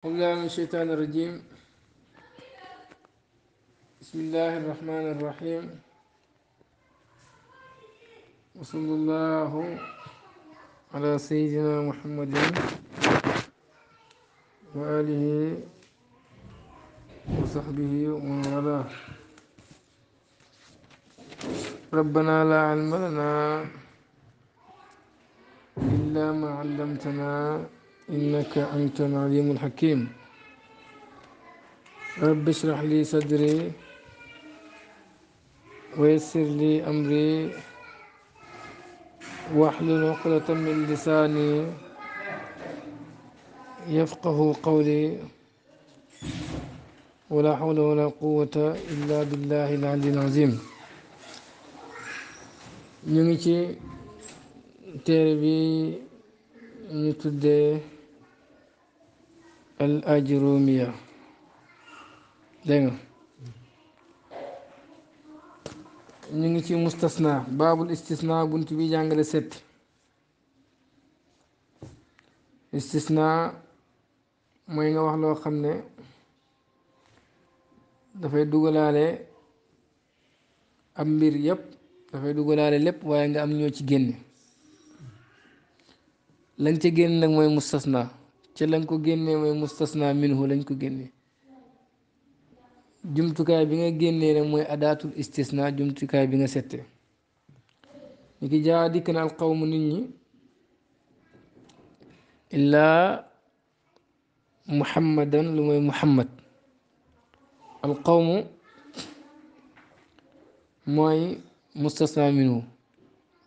بالله من الشيطان الرجيم بسم الله الرحمن الرحيم وصلى الله على سيدنا محمد وآله وصحبه ومن والاه ربنا لا علم لنا إلا ما علمتنا إنك أنت العليم الحكيم رب اشرح لي صدري ويسر لي أمري واحلل عقدة من لساني يفقه قولي ولا حول ولا قوة إلا بالله العلي العظيم نمشي تربي نتدي al ajrumiya dégg nga ñu ngi ci mustasna baabul istisna bunt bi jàngale setti istisna mooy nga wax loo xam ne dafay dugalaale am mbir yépp dafay dugalaale lépp waaye nga am ñoo ci génne lañ ca génn nag mooy mustasna ci lañ ko génnee mooy mustasna minhu lañu ko génnee jumtukaay bi nga génnee ne mooy adaatul istisna jumtukaay bi nga settee ni ki jaa dikk na al qawmu nit ñi illaa muhammadan lu mooy muhammad al qawmu mooy mustasna minhu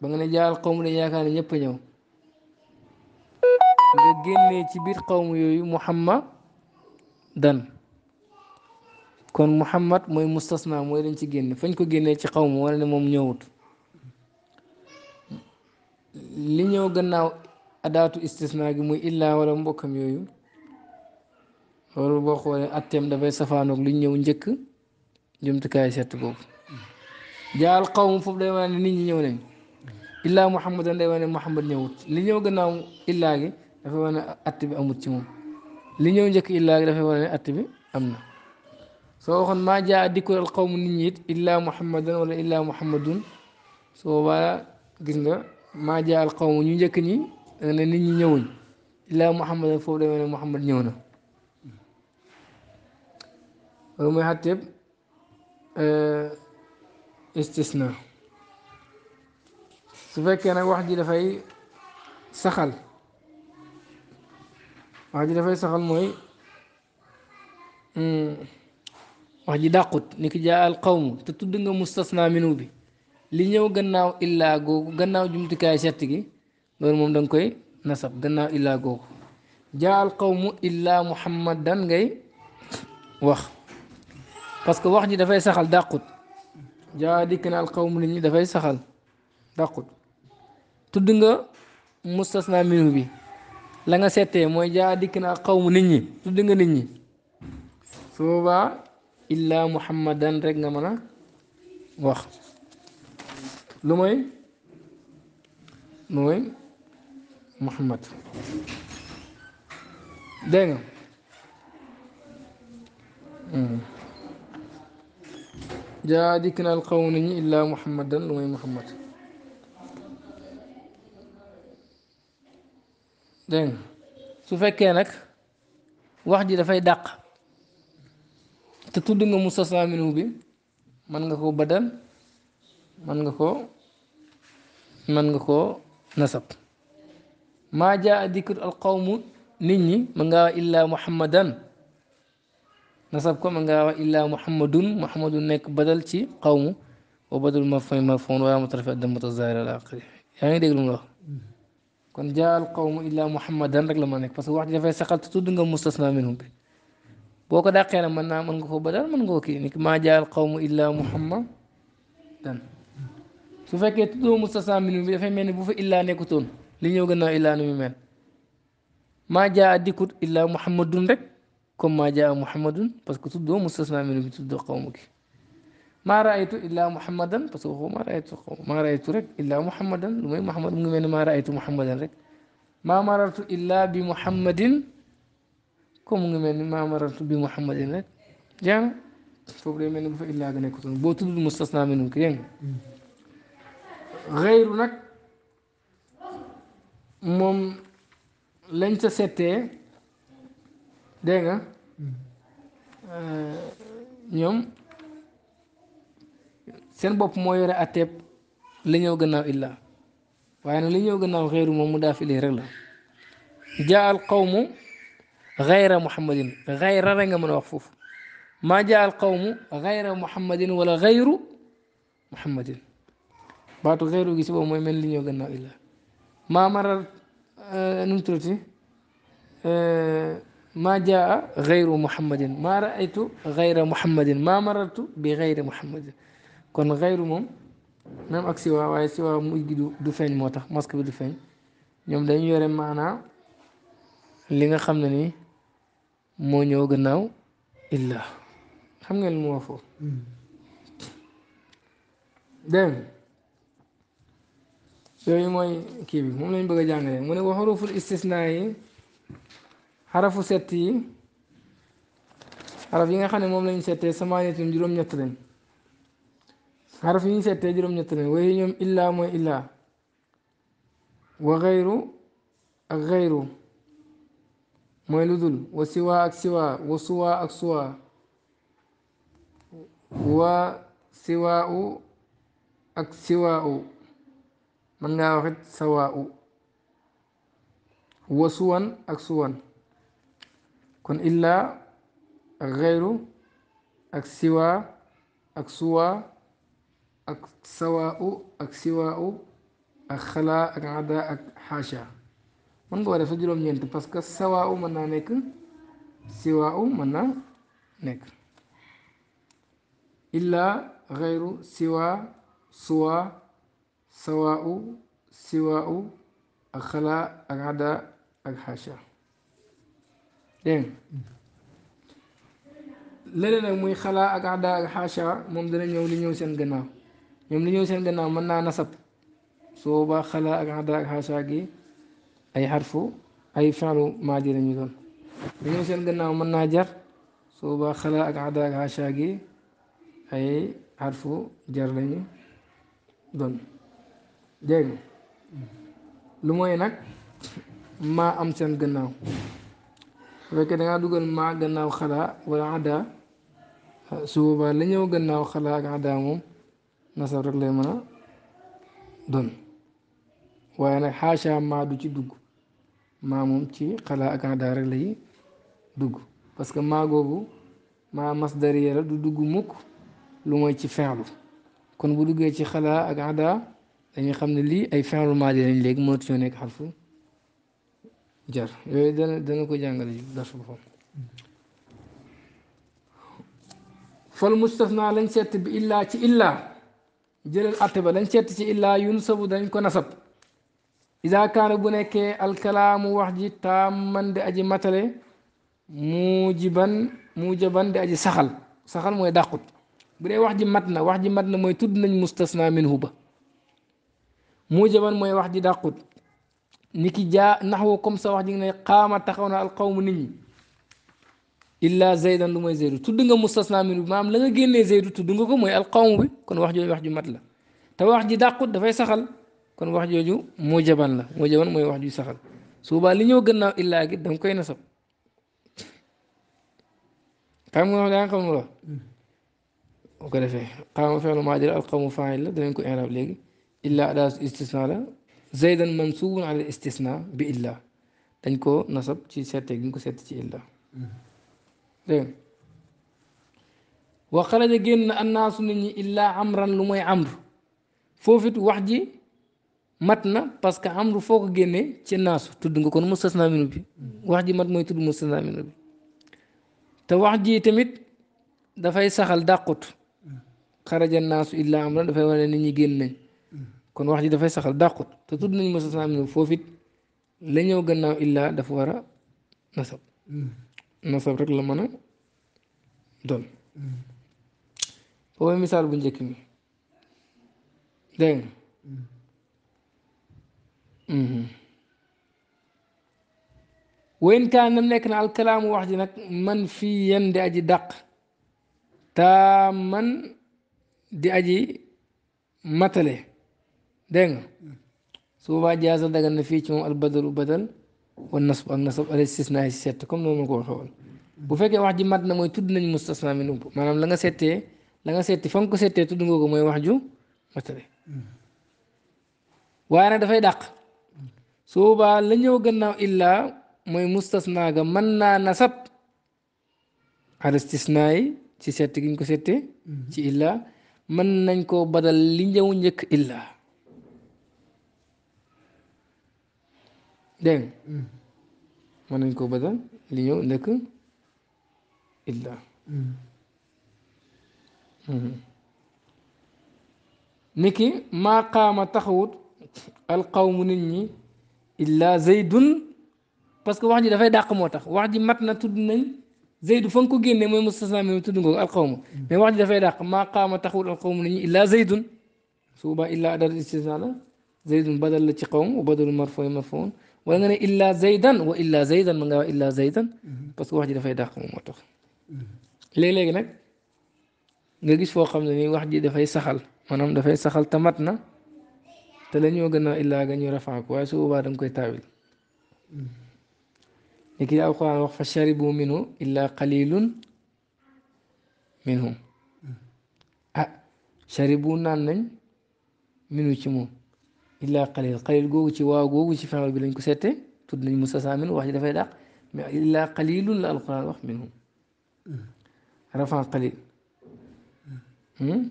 ba nga ne jaa al qawmu dañ yaakaar ne ñëpp a ñëw nga génnee ci biir xawm yooyu muhammadan kon muhammad mooy mustasna mooy dañ ci génne fañ ko génnee ci xawm wala ne moom ñëwut li ñëw gannaaw adaatu istisna gi muy illaa wala mbokkam yooyu loolu boo xoolee atteem dafay safaanoog li ñëw njëkk jumtukaay sett boobu jaal xawm foofu day wane ne nit ñi ñëw nañ illaa muhammadan day wane ne muhammad ñëwut li ñëw gannaaw illaa gi dafa wane att bi amut ci moom li ñëw njëkk illaa gi dafay wane ne att bi am na soo waxoon maa jaa dikkul al qawmu nit ñi it illaa muhammadan wala illaa muhammadun soo boobaa gis nga maa jaa al qawmu ñu njëkk ñi danga ne nit ñi ñëwuñ illaa muhammadan foofu day wane ne muhammad ñëw na loolu mooy xatteeb istisna su fekkee nag wax ji dafay saxal wax ji dafay saxal mooy wax ji dàqut ni ki jaa al qawmu te tudd nga mustasna minu bi li ñëw gannaaw illaa googu gannaaw jumtukaay sett gi loolu moom da nga koy nasab gannaaw illaa googu jaa al qawmu illaa muhammadan ngay wax parce que wax ji dafay saxal dàqut jaa dikk na al qawmu nit ñi dafay saxal dàqut tudd nga mustasna minu bi la nga seetee mooy jaa dikk na xaw mu nit ñi tudd nga ñi su boobaa illaa muhammadan rek nga mën a wax lu mooy mooy muhammad dégg nga hmm. jaa dikk na xaw mu nit ñi illaa muhammadan lu muhammad dégg nga su fekkee nag wax ji dafay dàq te tudd nga mustasnaa minhu bi mën nga ko badal mën nga ko mën nga ko nasab maa jaa dikru alqawmu nit ñi mën ngaa wax illaa muhammadan nasab ko mën ngaa wax illaa muhammadun muhammadun nekk badal ci qawmu wa badal ma fay ma foon wala mu tarafi addam mutazahir al aqri yaa ngi dégg lu mu wax kon jaal qawmu illa muhammadan rek la ma nekk parce que wax ji dafay saxal te tudd nga mustasna bi boo ko dàqee nag mën naa mën nga ko badal mën nga ko kii ni maa jaal qawmu illa muhammadan su fekkee tuddoo mustasna minhum bi dafay mel ni bu fa illaa nekkutoon li ñëw gën naa illaa nu mu mel maa jaa dikkut illa muhammadun rek comme maa jaa muhammadun parce que tuddoo mustasna minhum bi tuddoo qawmu gi ma raaytu illaa muhammadan parce raaytu rek illaa muhammadan lu may muhammad raaytu muhammadan rek maa marartu illaa bi muhammadin comme mu ngi mel marartu bi muhammadin rek jaana foofu day mel ni bu fa illaa moom lañ sa settee seen bopp moo yore atteeb li ñëw gannaaw illa waaye na li ñëw gannaaw xeeru moom mu daaf ili rek la jaa al qawmu xayra muhammadin xayra rek nga mën a wax foofu maa jaa al qawmu xayra muhammadin wala xayru muhammadin baatu xayru gi si boobu mooy mel li ñëw gannaaw illa maa maral nu mu tuddati ما جاء غير محمد ما رأيت غير محمد ما مررت بغير محمد كون غير موم ميم اك سيوا واي سيوا موي دو دو فين موتاخ ماسك بي دو فين نيوم داني يوري مانا ليغا خامن مو نيو غناو الا خام نغي دم يوي موي كيبي موم لاني بغا جانغي مو نيو حروف الاستثناء حرف ستي حرف ييغا خاني موم لاني سيتي سماني تيم جوروم xaraf yi settee juróom-ñett lañ waaye ñoom illaa mooy illaa wa xayru ak xayru mooy lu dul wa siwaa ak siwaa wa suwaa ak suwaa wa siwaa ak siwaa u mën ngaa waxit wa suwan ak suwan kon illaa ak xayru ak siwaa ak suwaa ak sawaaw ak siwaaw ak xalaa ak ada ak xaasha mën nga ko def sa juróom-ñeent parce que sawaaw mën naa nekk siwaaw mën naa nekk illa xayru siwaa suwaa sawaaw siwaaw ak xalaa ak ada ak xaasha dégg nag muy xalaa ak ada ak xaasha moom dana ñëw li ñëw seen gannaaw ñoom li ñëw seen gannaaw mën naa nasab soo ba xalaa ak xadda ak xaasa ay xarfu ay fenlu maadi la ñu doon li ñëw seen gannaaw mën naa jar soo ba xalaa ak xadda ak xaasa gi ay xarfu jar lañu doon dégg lu mooy nag maa am seen gannaaw su fekkee dangaa dugal maa gannaaw xalaa wala xadda su boobaa gannaaw xalaa ak xadda moom nasab rek lay mën a doon waaye nag xaasha maa du ci dugg maa moom ci xalaa ak daa rek lay dugg parce que maa googu maa masdariya la du dugg mukk lu mooy ci fenlu kon bu duggee ci xalaa ak daa dañuy xam ne lii ay fenlu maa lañ léegi mënatu ñoo nekk xarfu jar yooyu dana ko jàngale ji darsu boppam fal mustafna lañ seet bi illaa ci illaa jëlal atte ba dañ seet ci illaa yunsabu dañ ko nasab iza kaana bu nekkee alkalaamu wax ji taaman di aji matale muujiban muujaban di aji saxal saxal mooy dàqut bu dee wax ji mat na wax ji mat na mooy tudd nañ mustasna minhu ba muujaban mooy wax ji dàqut ni ki jaa naxwu comme sa wax ji nga ne xaama taxaw na alqawmu nit ñi الا زيد موي زيد تودغا مستثنى من مام لاغا генي زيد تودغا كو موي القوم بي كون واخ جوج واخ جو مات لا تا واخ جي داكو دا فاي سخال كون واخ جوج موجبان لا موجبان موي واخ جي سخال سوبا لي نيو غناو الا غي دام كاي نصب كام نو دا كام نو او كو ديفه قام فعل ماضي القوم فاعل لا دنجو اعراب ليغي الا ادا استثناء زيد منصوب على الاستثناء بالا دنجو نصب سي سيتي نكو سيتي الا mm -hmm. dégg wa xaraja génn annaasu nit ñi illaa amran lu mooy amr foofu wax ji mat na parce que amru foo ko génnee ci naasu tudd nga kon mustasna minu bi wax ji mat mooy tudd mustasna minu bi te wax ji tamit dafay saxal dàqut xaraja naasu illaa amran dafay wane nit ñi génn nañ kon wax ji dafay saxal dàqut te tudd nañ mustasna minu bi foofu it ñëw gannaaw illaa dafa war a nasab nasab rek la mën a doon boobu misaal bu njëkk mi dégg nga mhm. wayn kaan nam nekk na alkalaamu wax ji nag man fii yen di aji dàq taa man di aji matale dégg nga su boobaa jaasa na fii ci moom badal wan nasb ak nasab al istisna si sett comme noonu ma ko waxee bu fekkee wax ji mat na mooy tudd nañ mustasna min ump maanaam la nga settee la nga setti fa ko settee tudd nga ko mooy wax ju matale dafay daq su boobaa la ñëw gannaaw illaa mooy mustasna ga mën naa nasab al istisna ci set giñ ko sete mm-hmm. ci illa mën nañ koo badal li ñëw njëkk illa دايم من الكوبدا ليو لك إلا نكي ما قام تخوت القوم نني إلا زيد باسكو واحد دا فاي داق موتاخ واحد ماتنا تود نني زيد فنكو генي موي مستثنى من تود نكو القوم مي واحد دا فاي داق ما قام تخوت القوم نني إلا زيد سوبا إلا دار استثناء زيد بدل لتي وبدل مرفوع مفعول ولا نري إلا زيدا وإلا زيدا من غير إلا زيدا بس واحد دفع داخل موتور لي لي نك نجيس فو خم دني واحد دفع سخل منام دفع سخل تمتنا تلني وجنا إلا جني رفع كويس وبعدم كي تابل لكن أقول وقف الشرب منه إلا قليل منهم شربونا نن منو تيمو illaa qalil qalil googu ci waaw googu ci fexeel bi lañ ko sette tudd nañ mustasaamin wax ji dafay dàq mais illaa qalilun la alquran wax minhum rafan qalil hmm?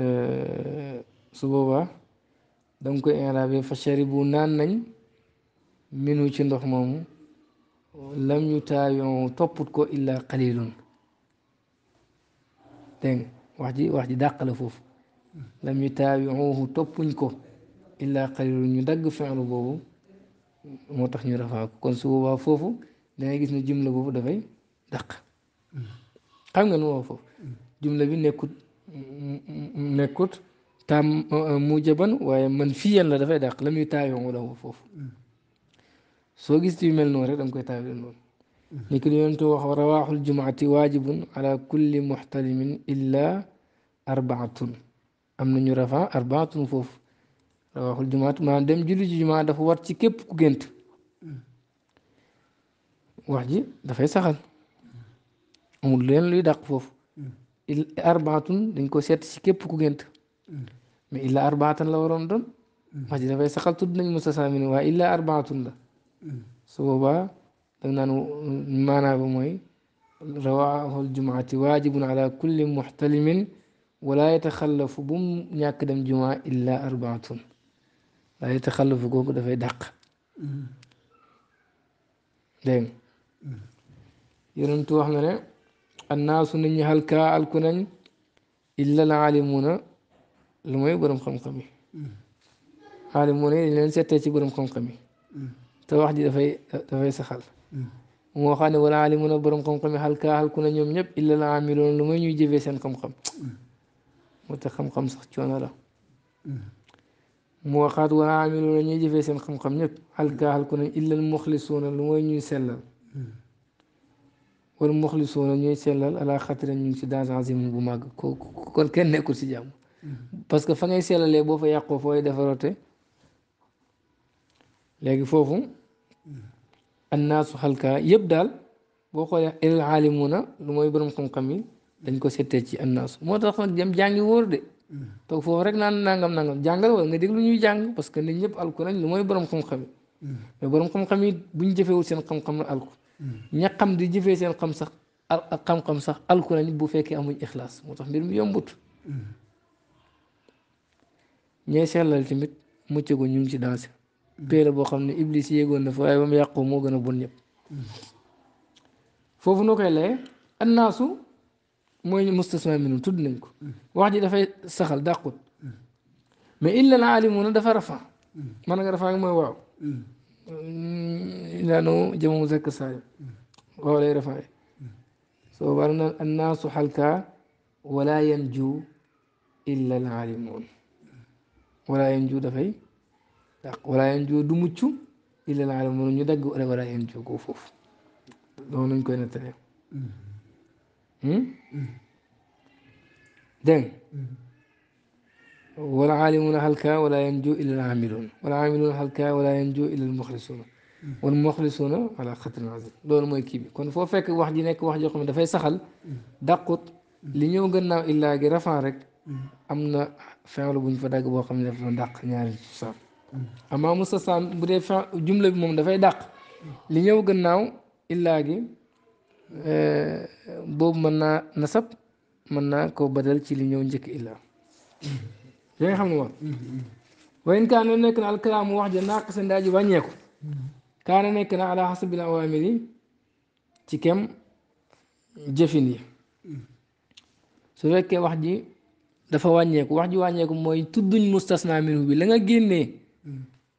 euh, su boobaa da nga koy inraabe fa sharibu naan nañ minu ci ndox moomu lam ñu taayoon topput ko illaa qalilun dégg wax ji wax ji dàq la foofu لم يتابعوه توبنكو إلا قليل يدق فعل بوبو موتخ ني رفع كون سوبا فوفو دا ناي غيس جملة بوبو دافاي دق خام نغا نو فوف جملة بي نيكوت نيكوت تام موجبا واي منفيا لا دافاي دق لم يتابعوه له فوف سو غيس تي ميل نو رك دنجكاي تابعو نو نيكو رواح الجمعة واجب على كل محتلم إلا أربعة am na ñu rafaa arbaatun foofu waxul jumaat maanaam dem julli ci jumaa dafa war ci képp ku gént wax ji dafay saxal amul leen luy dàq foofu arbaatun dañ ko seet ci képp ku gént mais illa arbaatan la waroon doon wax ji dafay saxal tudd nañ mustasamini waaye illa arbaatun la su boobaa dag naan maanaa ba mooy rawaxul jumaati waajibun ala kulli muxtalimin ولا يتخلف بوم ياك دم جمعة إلا أربعة لا يتخلف جوجو دفع دق دين يرنتو أحنا الناس نيجي هل كا الكونين إلا العالمون لما يبرم خم خمي عالمون اللي ننسى تيجي برم خم خمي تواحد دفع دفع سخال mo xane wala alimuna borom xam xam halka halku na ñom ñep illa la amilon lu may ñuy jëfé sen xam xam وتخم خمس خطيون على مواقات ولا عاملون أن يجي في سن خم خم نب هل إلا المخلصون الوين يسلل مم. والمخلصون أن يسلل على خطر أن يمشي داز عظيم بماغ كل كن نأكل سجام بس كفن يسلل لبوا في يقف في دفرته لكن فوفو الناس هل كا يبدل بوكو العالمون لما يبرم خم خميل dañ ko settee ci annaasu moo tax nag dem jàngi wóor de toog foofu rek naan nangam nangam jàngal wala nga déglu ñuy jàng parce que nit ñëpp alku nañ lu mooy borom xam-xam yi mais borom xam-xam yi buñ jëfewul seen xam-xam la alku xam di jëfee seen xam sax ak xam sax alku bu fekkee amuñ ixlaas moo tax mbir mu yombut ñooy sellal tamit mucc ko ñu ngi ci dansé péere boo xam ne iblis yéegoon na fa waaye ba mu yàqoo moo gën a bon ñëpp foofu noo koy laye annaasu mooy mustasna minum tudd nañ ko wax ji dafay saxal dàqut mais illa al aalimuuna dafa rafa man nga rafa ngi mooy waaw ilaano jëmu zakk saalim waaw lay rafa soo war na annaasu xalka wala yanju illa al aalimuun wala yanju dafay dàq wala yanju du mucc illa al aalimuun ñu dagg wala ko foofu loolu lañ دين والعالمون هلكا ولا ينجو إلا العاملون والعاملون هلكا ولا ينجو إلا المخلصون والمخلصون على خطر عظيم دول موي كيبي كون فو فك واحد ينك واحد يقوم دا فاي سخال دقوت لي نيو غنا الا غي رفان رك امنا فعل بو نفداغ بو خامل دا دق نيار صاف اما موسى سام بودي جمله بي موم دا فاي دق لي نيو غناو الا غي Euh, boobu mën naa nasab mën naa koo badal ci li ñëw njëkk illa yaa nga xam ne moom wayn kaana nekk alkalaamu wax ja naaq sa ndaaji wàññeeku kaana nekk na ala xasabil ci kem jëfin yi su fekkee wax ji dafa wàññeeku wax ji wàññeeku mooy tudduñ mustasna minhu bi la nga génnee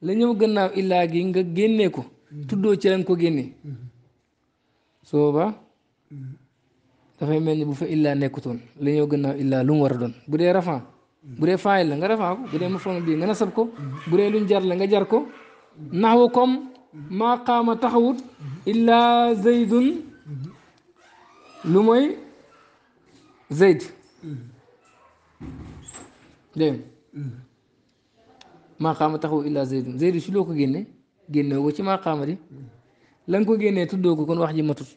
la ñëw gannaaw illaa gi nga génnee ko tuddoo ci lañ ko génnee su boobaa dafay mel ni bu fa illaa nekkutoon la ñëw gën a illaa lu mu war a doon bu dee rafan bu dee faay la nga rafan ko bu dee mafoon bii nga nasab ko bu dee jar la nga jar ko naxwu comme maa qaama taxawut illaa zaydun lu mooy zayd dégg maa qaama taxawut illaa zaydun zayd si loo ko génne génne ci maa qaama di la nga ko génnee tuddoo kon wax ji matut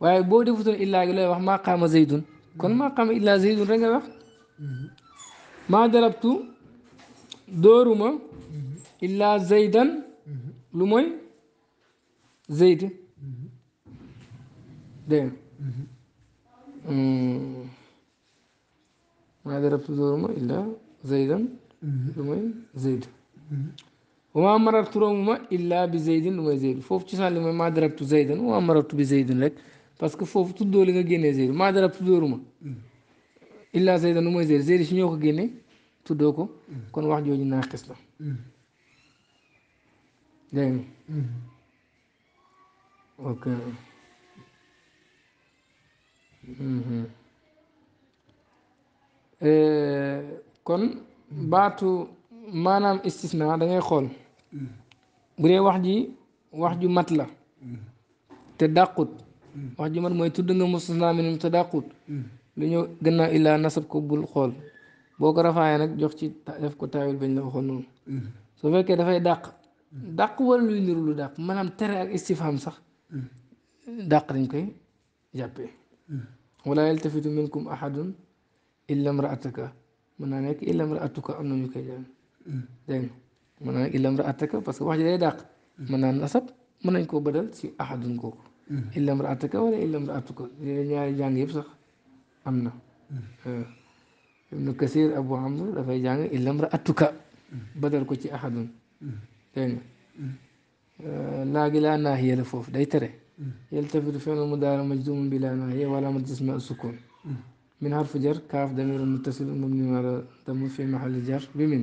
waaye boo defutoon illaa gi looy wax maa qaama zaydun kon maa qaama illaa zaydun rek nga wax maa darabtu dóoruma illaa zaydan lu mooy zayd maa darabtu dóoruma illaa zaydan lu mooy wama marartu romuma illa bi zeydin wa zeydu foofu ci sànli mooy maa darabtu zeydan wama marartu bi zeydin rek parce que foofu tuddoo li nga génnee zeydu maa darabtu dóoruma illa zeydan lu mooy zeydu zeydu ñoo ko génne tuddoo ko kon wax jooju naa xis la manam istisna da ngay xol bu dee wax ji wax ju mat la te dàqut wax ji man moy tudd nga musna min te dàqut lu ñëw gannaaw illaa nasab ko bul xol boko rafaay nak jox ci def ko tawil bañ la non so fekke da fay dàq dàq wala luy niru lu dàq manam tere ak istifham sax dàq dañ koy jappé wala yaltafitu minkum ahadun illa imra'ataka mën naa illa imra'atuka am na ñu koy jàng dégg nga mën naa illam ra attaka parce que wax ji day dàq mën nasab mën nañ koo badal si ahadun kooku illam ra attaka wala illam ra yëpp sax am na eh, ibnu dafay jàng badal ko ci ahadun dégg nga eh, laa gi laa naahiya la foofu day tere yaltafitu fi'lun mudaari'un majzuumun bi laa naahiya wa alaamatu ismihi sukuun min harfu jar kaaf damiirun muttasilun mabniyyun alaa damma fi mahalli jar bi min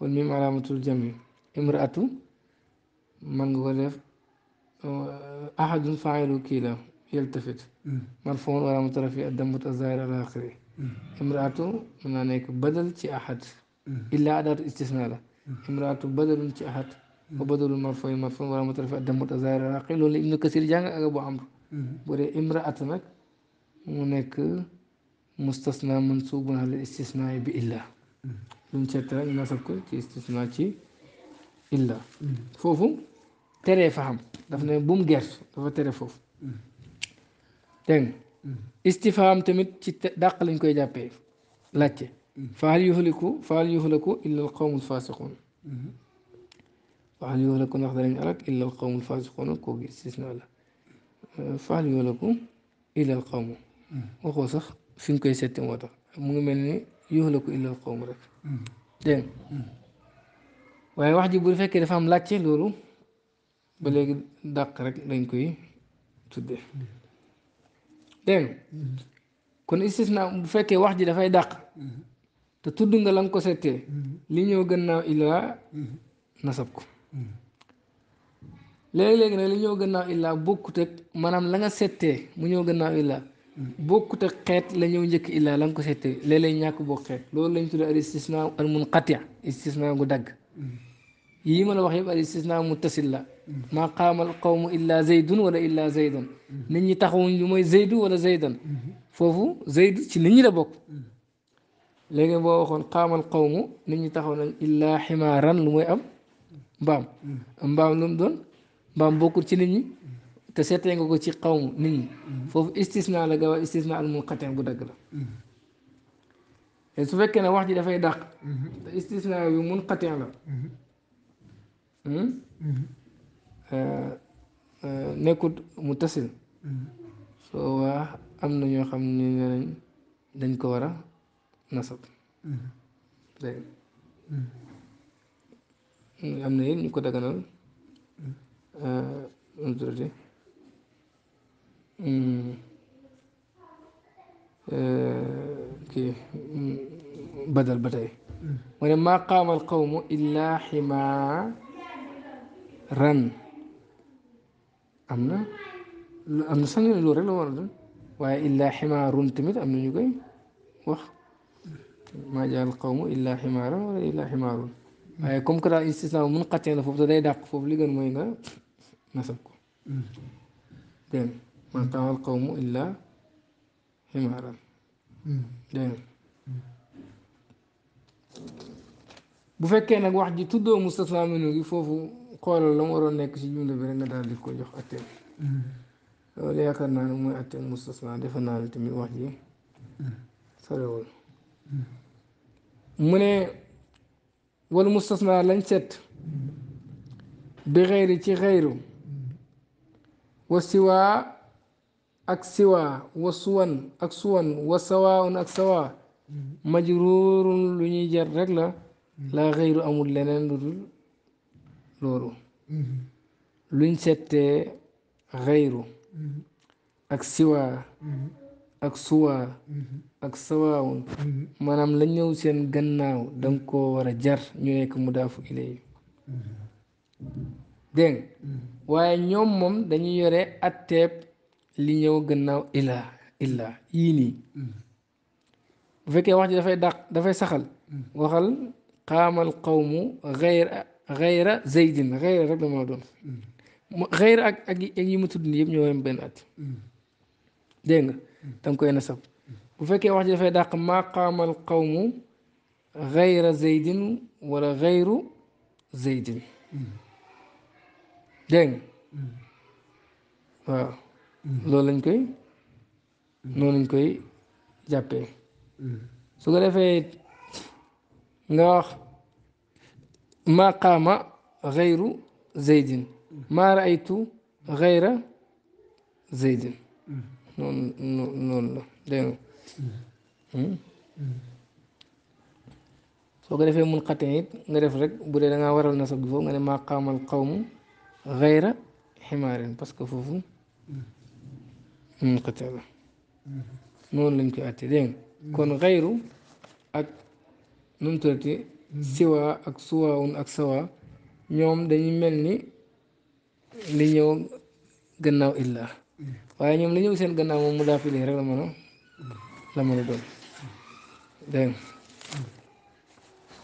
والميم علامة الجمع امرأة من غلف أحد فاعل كلا يلتفت مرفوع علامة رفيع الدم متزايد على آخره امرأة من أنك بدل تي أحد إلا أداة استثناء امرأة بدل تي أحد وبدل المرفوع مرفوع علامة رفيع الدم متزايد على آخره لأن ابن كثير جانا أبو عمرو بوري امرأة مك هناك مستثنى منصوب على الاستثناء بإلا luñ sett la ñu nasab ko ci istisna ci illa foofu teree fa xam daf ne bu mu gert dafa tere foofu dégg istifham tamit ci dàq lañ koy jàppee laajte faal yuxliku faal yuxliku illa al qawmul fasiqun faal yuxliku ndax danañ alak illa al qawmul fasiqun qawmu waxoo sax fi nga koy setti moo tax mu ngi mel ni yuxliku illa al qawmu rek dégg waaye wax ji bu fekkee dafa am laajte loolu ba léegi dàq rek dañ koy tuddee dégg kon istisna bu fekkee wax ji dafay dàq te tudd nga la nga ko settee li ñëw gannaaw illaa nasab ko léegi-léegi nag li ñëw gannaaw illaa bokkut ak maanaam la nga settee mu ñëw gannaaw illaa bokkut ak xeet la ñëw njëkk illaa la nga ko seetee léeg-léeg ñàkk boo xeet loolu lañ tudd al istisna al munqati' istisna gu dagg yii ma la wax yëpp al istisna muttasil la maa qaamal qawmu illaa zaydun wala illaa zaydan nit ñi taxawuñ lu mooy zaydu wala zaydan foofu zaydu ci nit ñi la bokk léegi boo waxoon qaamal qawmu nit ñi taxaw nañ illaa ximaaran lu mooy am mbaam mbaam lu mu doon mbaam bokkul ci nit ñi كسيتي نغو تي قوم نين فوف استثناء لا غوا استثناء المنقطع بو دغ لا سو فكنا واحد دا فاي داق استثناء يو منقطع لا آه، آه، نكوت متصل سو آه، ام نيو خام ني دنج كو ورا نصب ام نيو نكو دغنال ا Mm. Eh, kii mm, badal ba tey mm. mu ne maa qaama ximaaran am na am na sax la war a waaye illa ximaarun tamit am na ñu koy wax maa jaal qawmu illa ximaaran wala illa ximaarun waaye comme que daal mun xattee la foofu te day dàq foofu li mooy nga nasab ko ما طغى القوم إلا حمارا dégg bu fekkee nag wax ji tuddoo mustasna minhu gi foofu xoolal la mu waroon nekk ci jumla bi rek nga daal di ko jox atteem loolu yaakaar naa ne mooy atteem mustasna defe naa ne tamit wax ji sorewul mu ne wal mustasna lañ set bi xeyri ci xeyru wasiwaa ak siwa wa ak suwan wa sawaaun ak sawa majruurun lu ñuy jar rek la laa xëyru amul leneen lu dul loolu luñ sete xëyru ak siwa ak suwa ak sawaawun maanaam la ñëw seen gannaaw danga koo war a jar ñu nekk mu ilay dégg mm-hmm. waaye ñoom moom dañu yore atteeb li ñëw gannaaw illaa illaa yii nii bu fekkee wax ji dafay dàq dafay saxal waxal qaamal qawmu xayra xayra zaydin xayra rek la mën a doon xayra ak ak yi ma tudd nii yëpp ñoo yem benn at dégg nga da nga koy nasab bu fekkee wax ji dafay dàq maa qaamal qawmu xayra zaydin wala xayru zaydin dégg nga waaw Mm-hmm. loolu lañ koy mm-hmm. noonu lañ koy jàppee mm-hmm. su ko defee nga wax maa qaama xayru zaydin maa raaytu xayra zaydin noonu noonu la dégg nga hmm? soo ko defee mun xatin nga def rek bu dee da ngaa waral nasab gi foofu nga ne maa qaamal qawmu xayra ximaarin parce que foofu munqatiba noonu lañ koy àtte dégg nga kon xayru ak nu mu tuddati siwa ak suwaawun ak sawa ñoom dañuy mel ni li ñëw gannaaw illa waaye ñoom li ñëw seen gannaaw moom mu daa fi rek la mën a la mën a doon dégg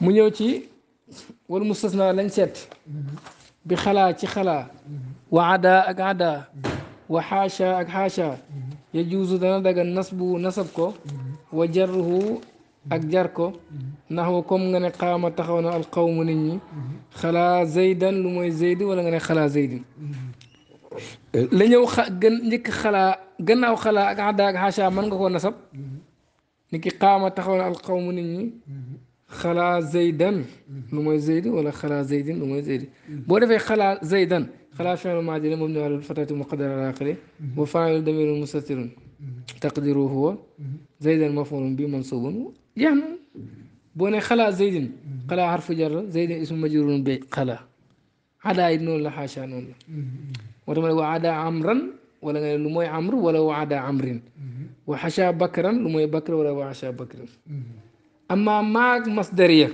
mu ñëw ci wal mustasna lañ seet bi xalaa ci xalaa wa adaa ak adaa وحاشا أكحاشا يجوز دنا دعا نصب نصبكو وجره أجركو نهو كم غني قام تخون القوم نني خلا زيدا لما زيد ولا غني خلا زيد لنيو خ نك خلا جن أو خلا أقعد من غو نصب نك قام تخون القوم نني خلا زيدا لما زيد ولا خلا زيد لما زيد بوري في خلا زيدا خلاف فعل دي مبني على الفترة المقدرة على آخره وفاعل ضمير مستتر تقديره هو زيد مفعول به منصوب يعني بني خلا زيد خلا حرف جر زيد اسم مجرور به خلا عدا ابن لا حاشا نون لا وتمر وعدا عمرا ولا لموي عمرو ولا وعدا عمرا وحشا بكرا لموي بكر ولا وعشا بكرا اما ما مصدريه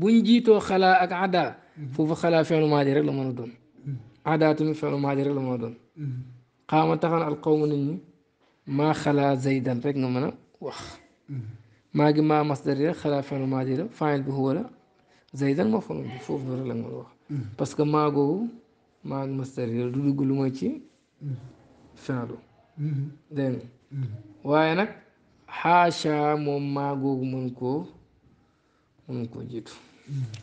بنجيتو خلا اك عدا فوف خلا فعل ak ada foofu xalaa feenu عادات فعل ماضي للمدن قام تخن القوم نني ما خلا زيدا رك نمنا وخ ما جما مصدر خلا فعل ماضي له فاعل به ولا زيدا مفعول به فوف نور لنا وخ بس كما جو ما مصدر دو غلو ما تي فعلو دين واي نك حاشا مم ما جو منكو منكو جيتو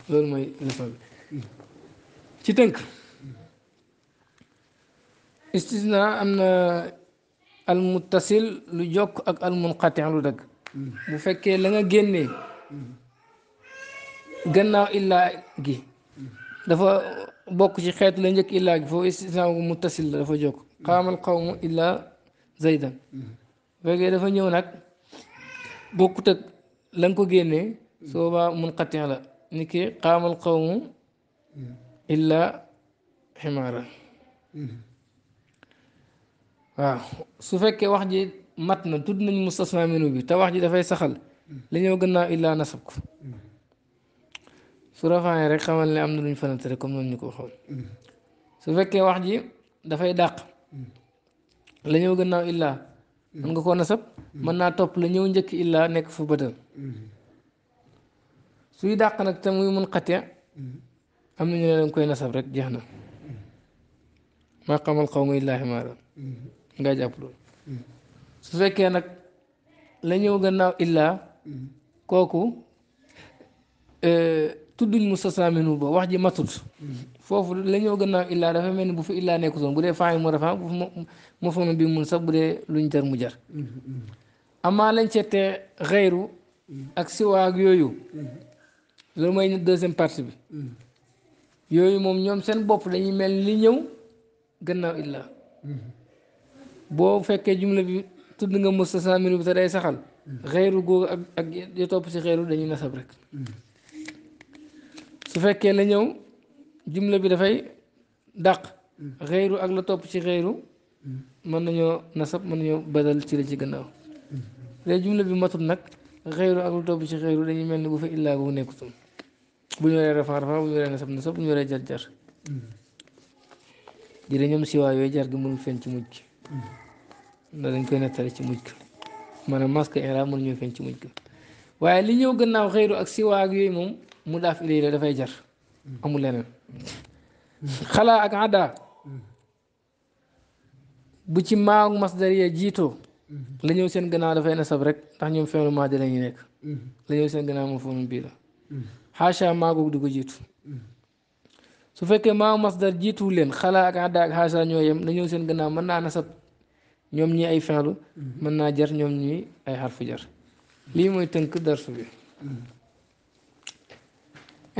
لول ماي نفعل تي تنك istisna am na almuttasil lu jokk ak almunqati lu dëgg bu fekkee la nga génnee gannaaw illaa gi dafa bokk ci xeetu la njëkk illaa gi foofu istisna bu muttasil la dafa jokk qaamal qawmu illaa zaydan fekkee dafa ñëw nag bokkute ak ko génnee soobaa munqati la ni ki qaamal qawmu illaa ximaara waaw su fekkee wax ji mat na tudd nañ mustasna minu bi te wax ji dafay saxal li ñëw gannaaw illaa nasab ko su rafaane rek xamal ne am na luñ fanatare comme noonu ñu ko waxoon su fekkee wax ji dafay dàq la ñëw gannaaw illaa mën nga koo nasab mën naa topp la ñëw njëkk illaa nekk fa bëtal suy dàq nag te muy mun xate am na ñu ne danga koy nasab rek jeex na maa xamal xaw ma illaahi maalam nga jàpp loolu su fekkee nag la ñëw gannaaw illaa kooku euh, tudduñ mu sasaminu ba wax ji matut foofu la ñëw gannaaw illaa dafa mel ni bu fi illaa nekkutoon bu dee faa mu rafa bu ma fonu bi mun sax bu dee luñ jar mu jar amaa lañ cettee xayru ak siwaag yooyu loolu mooy deuxième partie bi yooyu moom ñoom seen bopp dañuy mel li ñëw gannaaw illaa boo fekkee jumla bi tudd nga mustasamir bi te day saxal xeyru googu ak ak ya topp si xeyru dañuy nasab rek su fekkee la ñëw jumla bi dafay dàq xeyru ak la topp ci xeyru mën nañoo nasab mën nañoo badal ci la ci gannaaw léegi jumla bi matul nag xeyru ak la topp ci xeyru dañuy mel bu fa illaa bu nekkutoon bu ñu waree rafaa rafaa bu ñu waree nasab nasab bu ñu waree jar jar jërë ñoom si waay jar gi mënul feeñ ci mujj ndax dañ koy nettali ci mujj ga maanaam masque iraab mën ñoo feeñ ci mujj waaye li ñëw gannaaw xëyru ak siwaag yooyu moom mu daaf ilay la dafay jar amul leneen xalaa ak addaa bu ci maa ak yee jiitoo li ñëw seen gannaaw dafay nasab rek ndax ñoom feeñu maa di lañu nekk la ñëw seen gannaaw moom foofu ko jiitu fekkee maa masdar jiitu leen xalaa ak addaa ak xaasha ñoo yem la ñëw seen gannaaw mën naa nasab ñoom ñi ay finlu mën naa jar ñoom ñi ay xarfu jar lii mooy tënk darsu bi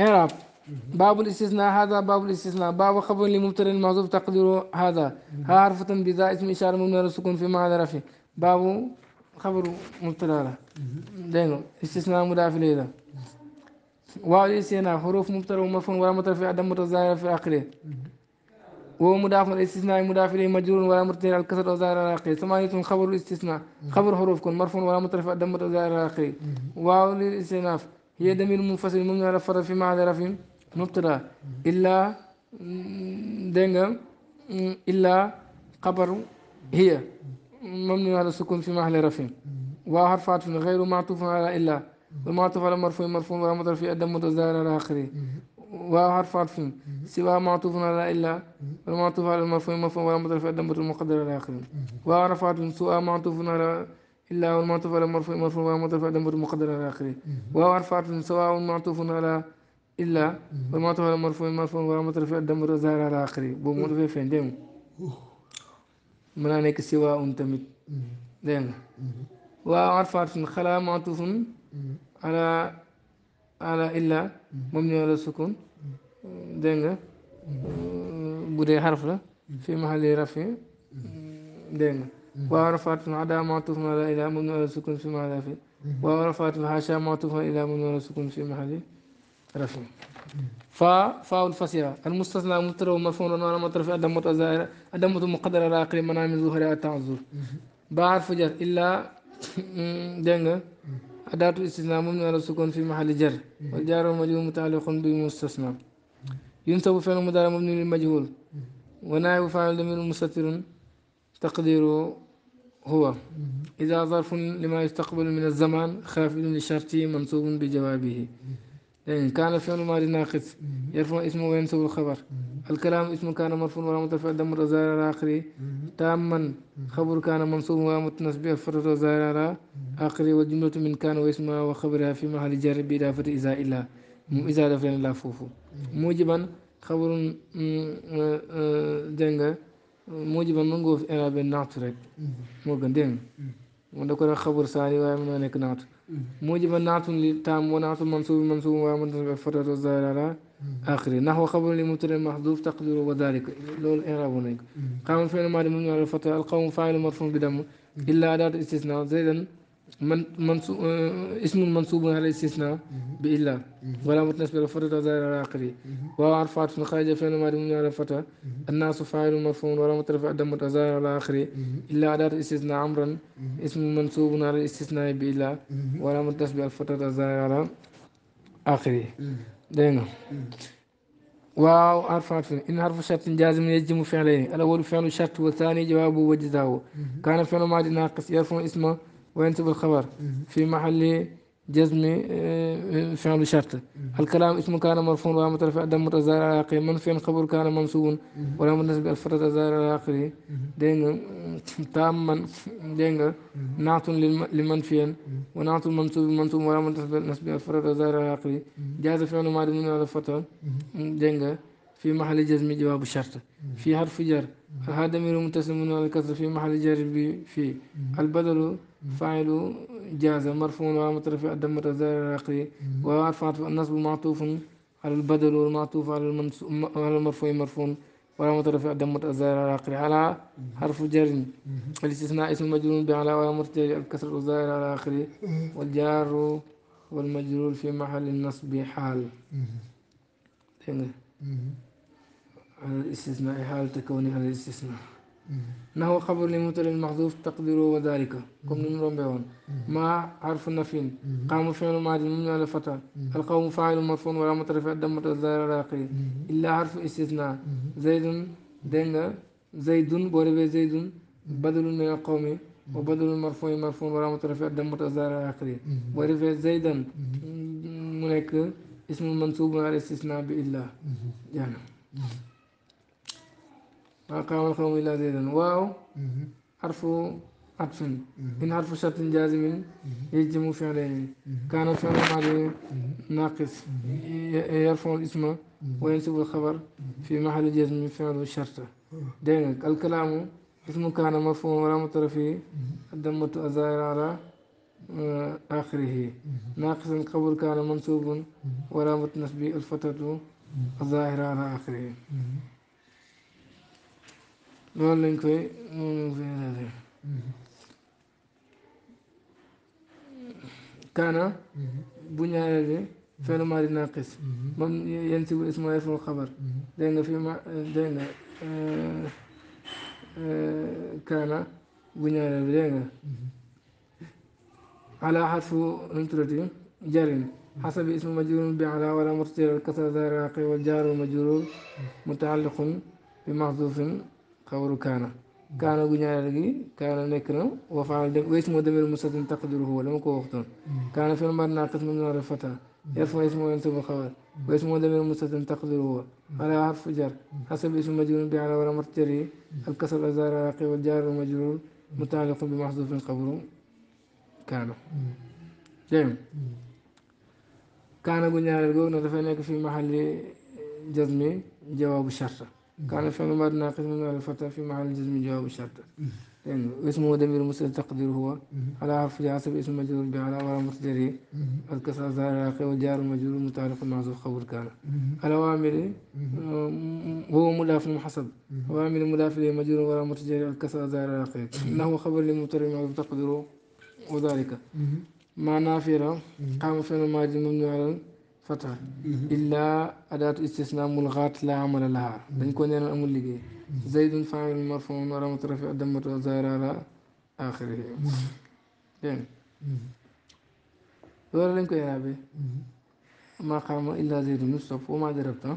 i'raab baabul istisna hada baabul istisna baabu xabar li mubtarin mahzuf taqdiru hada ha harfatan bi za ismu ishaara mum nara sukun fi maana rafi baabu xabaru mubtada la dégg nga istisna mudaafi lay la waaw li istisna xuruf mubtada mafhum wala mutarafi adam mutazahira fi aqre وهو مضاف الاستثناء مضاف اليه مجرور ولا مرتين على الكسر او ظاهر على اخره خبر الاستثناء خبر حروف كن مرفوع ولا مترفع دمت او ظاهر على واو للاستئناف هي دمير منفصل مبني على فرد في محل رفع مبتدا الا دنجا الا قبر هي مبني على السكون في محل رفع وحرفات غير معطوف على الا والمعطوف على مرفوع مرفوع ولا مترفع دمت او ظاهر على اخره واو حرف عطف سوى معطوف على إلا والمعطوف على المفهوم مفهوم ولا مضاف إلا ضمة المقدرة إلى آخره واو حرف عطف سوى معطوف على إلا والمعطوف على المفهوم مفهوم ولا مضاف إلا ضمة المقدرة إلى آخره واو حرف عطف سواء معطوف على إلا والمعطوف على المفهوم مفهوم ولا مضاف إلا ضمة الظاهرة على آخره بمضاف فين ديم من سوى سواء تمت ديم واو حرف عطف خلا معطوف على على إلا مم على سكون دينغا بودي حرف لا في محل رفع دينغا وعرفات من عدا ما تفن على إلا مبني على سكون في محل رفع وعرفات من حاشا ما تفن إلا مبني على سكون في محل رفع فا فا الفسيرة المستثنى مستر ومفهوم ونور مطر في أدم متزايرة أدم متمقدرة راقية منام الظهر التعذر بعد فجر إلا دينغا أداة الاستثناء من على السكون في محل جر والجار والمجهول متعلق بمستثنى ينسب فعل المضارع مبني للمجهول ونائب فاعل ضمير مستتر تقديره هو إذا ظرف لما يستقبل من الزمان خافض لشرطه منصوب بجوابه إن إيه، كان الفعل الماضي ناقص يرفع اسمه وينسب الخبر الكلام اسم كان مرفوع ولا متفع دم الرزايا على آخره تاما خبر كان منصوب ولا متنصب يفر الرزايا على آخره والجملة من كان واسمها وخبرها في محل جر بإضافة إذا إلا إذا دفعنا لا فوفو موجبا خبر جنجا موجبا منغوف إلى بين رك موجبا دين ونقول خبر ثاني ومن هناك نعت موجبا نعت للتام ونعت منصوب منصوب ومنصوب فترة الظاهر على آخره نحو خبر لمبتدا محذوف تقدير وذلك لول إعراب هناك قام الفعل الماضي مبني على الفترة القوم فاعل مرفوع بدم إلا أداة استثناء زيدا من منصوب آه، اسم منصوب على الاستثناء بإلا ولا متنسب لفترة ظاهر على آخره واو عرفات من خارج فعل ماضي من على فترة الناس فاعل مفهوم ولا مترفع دم ظاهر على آخره إلا أداة استثناء عمرا اسم منصوب على الاستثناء بإلا ولا متنسب لفترة ظاهر على آخره دينا واو عرفات إن حرف شرط جازم يجزم فعلين الأول فعل شرط والثاني جوابه وجزاؤه كان فعل ماضي ناقص يرفع اسمه وينتب الخبر في محل جزم آه، آه، فعل شرط الكلام اسم كان مرفوع ولا مترفع دم الزائر على آخره منفي خبر كان منصوب ولا منسب الفرد الزائر على آخره تاما دينغ نعت لمنفي ونعت منصوب منصوب وعلامة نسب الفرد الزائر على آخره جاز فعل ما من هذا الفتى دينغ في محل جزم جواب الشرط في حرف جر هذا من متسم على الكسر في محل جر في البدل فاعل جاز مرفوع وعلامة رفع دم الرزايا العراقي ورفعت النصب معطوف على البدل والمعطوف على المنصوب على المرفوع مرفوع وعلامة رفع دم الرزايا العراقي على حرف جر الاستثناء اسم مجرور بعلى وعلامة الكسر الرزايا العراقي والجار والمجرور في محل النصب حال على الاستثناء حال تكوني على الاستثناء ما هو خبر لمطر المحذوف تقديره وذلك قم نمرون بيون ما عرف النفين قام فعل ماضي مبني على فتح القوم فاعل مرفوع ولا مطر في مطر الظاهر الآخري إلا حرف استثناء زيد دينغا زيد بوربي زيد بدل من القوم وبدل المرفوع مرفوع ولا مطر في الدم مطر الظاهر الآخري بوربي زيدا منك اسم منصوب على استثناء بإلا يعني ما قام القوم إلا زيدا واو حرف عطف من حرف شرط جازم يجزم فعلين كان فعل ماضي ناقص يرفع الاسم وينسب الخبر في محل جزم فعل الشرط دينك الكلام اسم كان مفهوم ولا مترفي الدمة أزائر آه، على آخره ناقص قبل كان منصوب ولا متنسبي الفترة الظاهرة على آخره noonu lañ koy kaana bu ñaareel bi feelu maa di naqis moom yenn si bu ismail sama xabar dégg nga fi ma dégg nga kaana bu ñaareel bi dégg nga ala xarfu numu tuddati jarin حسب اسم مجرور بعلى ولا مستتر الكسر ذا الراقي والجار المجرور متعلق بمحذوف xabaru كان كان gu ñaareel نعم كان نكرا نعم. وفعل دم wa مو dem wees تقدره demir musatin taqdiru كان في المر ناقص من نار mar naaqis min nar fata يرفع اسمه مو خبر واسمه تقدره هو على عرف جر حسب اسم مجرور بعلى ولا مرجري الكسر ازار راقي والجار المجرور متعلق بمحذوف قبره كان جيم كان قلنا للقول دفع في محل جزمي جواب الشرطه كان في ماض ناقص من الفتى في محل جزم جواب الشرط يعني اسمه دمير مسلم تقدير هو على حرف حسب اسم مجرور بعلى وراء متجري الكسر ظاهر اخر والجار مجرور متعلق بمعزول خبر كان على عامل هو ملاف محسب وعامل ملاف اليه مجرور وراء متجري الكسر ظاهر اخر انه خبر لمبتر المعزول تقديره وذلك مع نافرة قام في ماضي مبني على فتح إلا أداة استثناء ملغاة لا عمل لها دنكو انا أمول لغي زيد فاعل مرفوع ورمى مترفع دمة ظاهرة على آخره دين لولا لنكو يا ربي ما قام إلا زيد نصف وما ضربته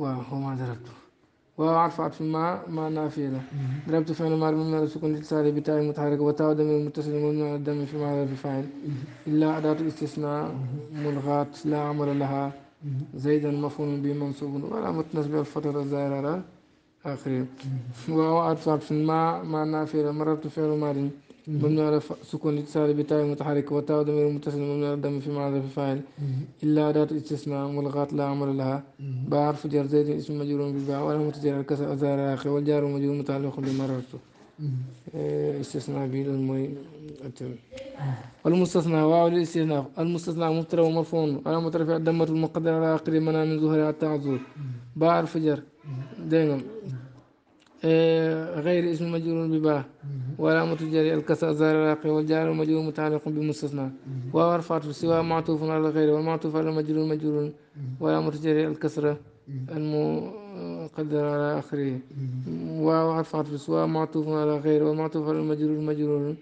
وما ضربته وعرف عطف ما مع نافية ضربت فعل مار من على السكون الاتصالي بتاء متحرك وتاو دم متصل من الدم في مار الفاعل إلا أداة استثناء ملغاة لا عمل لها زيدا مفهوم به منصوب ولا متنسب الفترة الزائرة آخرين آخره وعرف عطف مع مع نافية مررت فعل ماضي ممنوع رفع سكون الاتصال بتاع المتحرك وتاء ضمير متصل ممنوع الدم في معرض الفاعل إلا أداة استثناء ملغاة لا عمل لها باء حرف جر زيد اسم مجرور بالباء ولا متجر الكسر أزار الآخر والجار مجرور متعلق بمررته إيه، استثناء به المي والمستثنى آه. واو الاستثناء المستثنى مفترى ومرفوع على مترفع الضمة المقدرة على آخر منام من زهرها التعذر باء حرف جر دائما غير اسم مجرور بباء ولا متجري الكسر زار الراقي والجار المجرور متعلق بمستثنى ورفعت سوى معطوف على الغير والمعطوف على المجرور مجرور ولا متجري الكسر المقدر على آخره ورفعت سوى معطوف على الغير والمعطوف على المجرور مجرور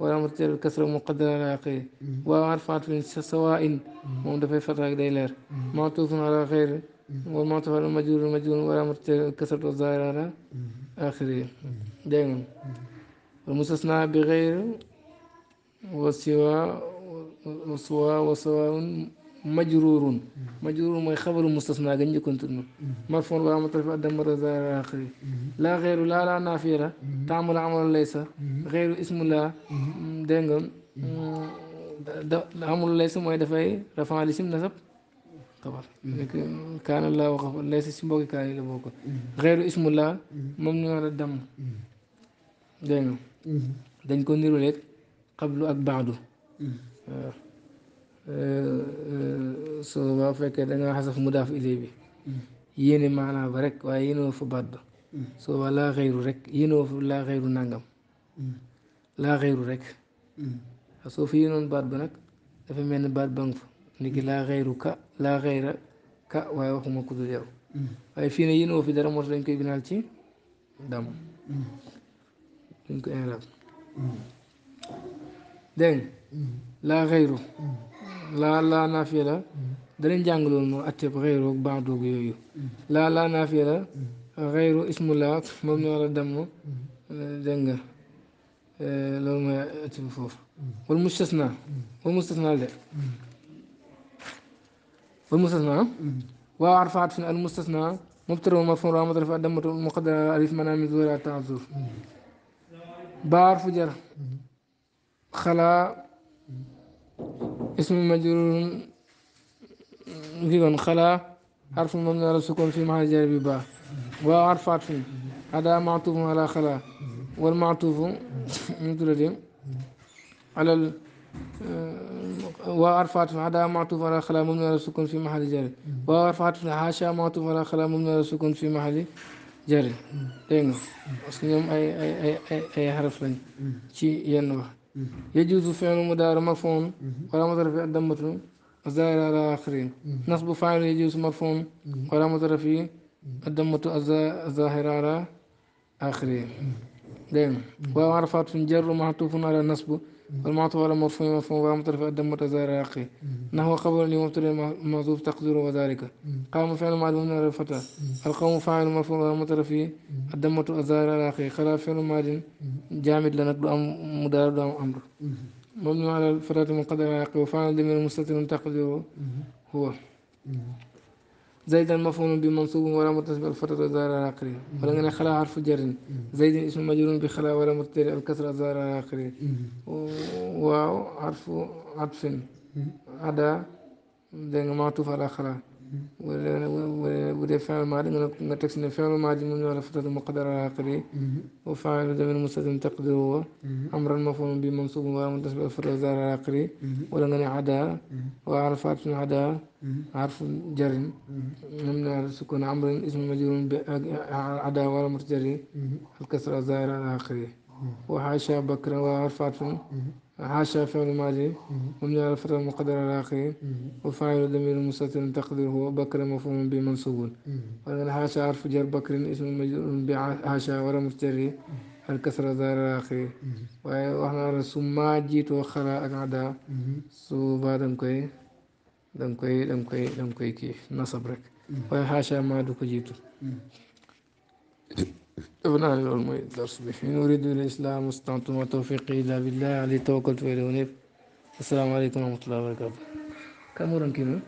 ولا متجري الكسر المقدر على آخره ورفعت سواء ومدفع فترة ديلر معطوف على الغير والمعتبر المجهول المجهول ولا مرتفع كسر الظاهر على آخره دائما والمستثنى بغير وسوى وسوى وسواء مجرور مجرور ما خبر مستثنى جنج كنت مرفوع ولا مرتفع دمر الظاهر على آخره لا غير لا لا نافيرة تعمل عمل ليس غير اسم لا دائما amul lay ما mooy dafay rafan li طبعا كان لا وقف ليس اسمه كان لا وقف غير اسم الله ممنوع على الدم دينو دنج كون نيرو لك قبل اك بعدو آه. آه. سو ما فك دا حذف مضاف اليه بي يني معنا برك واي ينو في بعد سو لا غير رك ينو لا غير نانغام لا غير رك سو في ينون بعد بنك دا في مين بعد بنك ni ki laa xayru ka laa xayra ka waaye waxuma ku dul mm. waaye fii ne yéen woo fi dara moo tax dañ koy binaal ci dam mm. dañ ko inrab mm. dégg laa xayru laa laa naafiya la danañ jàng loolu moom ne war a damm eh, loolu mooy atteb foofu wal mustasna wal mustasna de والمستثنى وأعرف في المستثنى مبتر ومفهوم راه مضرب الدم المقدر ألف منام زور التعذر بعرف جر خلا اسم مجرور جيغون خلا حرف مبني على السكون في محل جر ببا وعرفات في هذا معطوف على خلا والمعطوف على أه، وأرفعت عدا معطوف على خلا مبني على السكون في محل جر وأرفعت حاشا معطوف على خلا مبني على السكون في محل جر dégg nga يوم اي اي اي اي اي حرف ay xaraf lañ ci yenn wax يجوز فعل مدار مفهوم ولا مدار في مثل الزائر على آخرين نصب فاعل يجوز مفهوم ولا مدار في الدمة الظاهرة على آخرين دين وعرفات جر معطوف على نصب والمعطوف على مرفوع مفهوم وهو مطرف الدم متزاير عقلي نحو قبل أن يمطر المعطوف تقديره وذلك قام فعل معلوم على الفتى القوم فاعل مرفوع وهو مطرف الدم متزاير عقلي خلا فعل ماد جامد لنقل أم مدار أم أمر مبني على الفتاة من مقدر عقلي وفعل دمير مستتر تقديره هو زيد المفهوم بمنصوب ولا متصل بالفترة ظاهر آخره ولكن خلا حرف جر زيد اسم مجرور بخلا ولا متصل الكسرة ظاهر آخره واو حرف عطف عدا معطوف على خلا ودفاع المعلم نتكس فعل المعلم على فترة مقدرة على عقله وفعل ضمير مستتم تقدر هو أمرا مفهوم به منصوب ومنتسب الفترة زار على عقله ولغني عدا وعرف عرف عدا عرف جرم ممنوع على أمر اسم مجرور عدا ولا مرجري الكسر زار على عقله وحاشا بكر وعرف عاش في الماضي مبني على الفترة المقدرة على وفاعل ضمير مستتر تقدير هو بكر مفهوم بمنصوب ولكن حاشا عرف جر بكر اسم مجرور بعاشا ورا مفتري الكسرة دار آخرين وإحنا ما جيت وخلا أقعدا سو بعد كوي دم كوي دم كوي دم كوي كي نصب رك ما دوك جيتو ولا حول ولا قوة إلا أريد الإسلام واستعنت وما إلا بالله علي توكلت وإليه أنيب السلام عليكم ورحمة الله وبركاته كم ورن كيلو؟